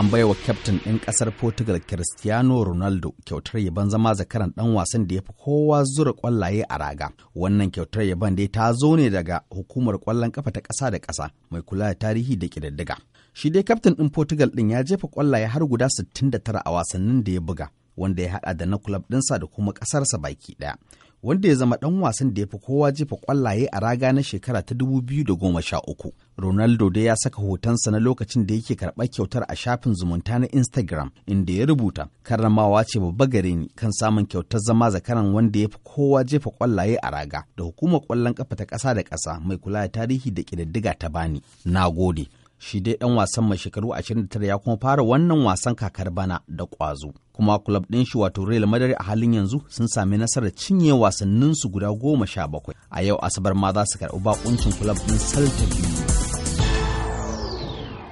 An baiwa kyaftin ɗin ƙasar Portugal Cristiano Ronaldo kyautar yaban zama zakaran ɗan wasan da ya fi kowa zura ƙwallaye a raga. Wannan kyautar yaban dai ta zo ne daga hukumar ƙwallon ƙafa ta ƙasa da ƙasa mai kula da tarihi da ƙididdiga. Shi dai kyaftin ɗin Portugal ɗin ya jefa ƙwallaye har guda 69 a wasannin da ya buga, wanda ya haɗa da na kulab ɗinsa da kuma ƙasarsa baki ɗaya. wanda ya zama ɗan wasan da ya fi kowa jefa kwallaye a raga na shekara ta 2013. Ronaldo dai ya saka hotonsa na lokacin da yake karɓar kyautar a shafin zumunta na Instagram inda ya rubuta karramawa ce babba gare ni kan samun kyautar zama zakaran wanda ya fi kowa jefa ƙwallaye a raga da hukumar ƙwallon ƙafa ta ƙasa da ƙasa mai kula da tarihi da ƙididdiga ta bani. Na gode. shi dai ɗan wasan mai shekaru 29 ya kuma fara wannan wasan kakar bana da ƙwazo kuma kulab ɗin shi wato Real Madrid a halin yanzu sun sami nasarar cinye wasanninsu guda goma sha bakwai a yau asabar ma za su karɓi bakuncin kulab ɗin Celta biyu.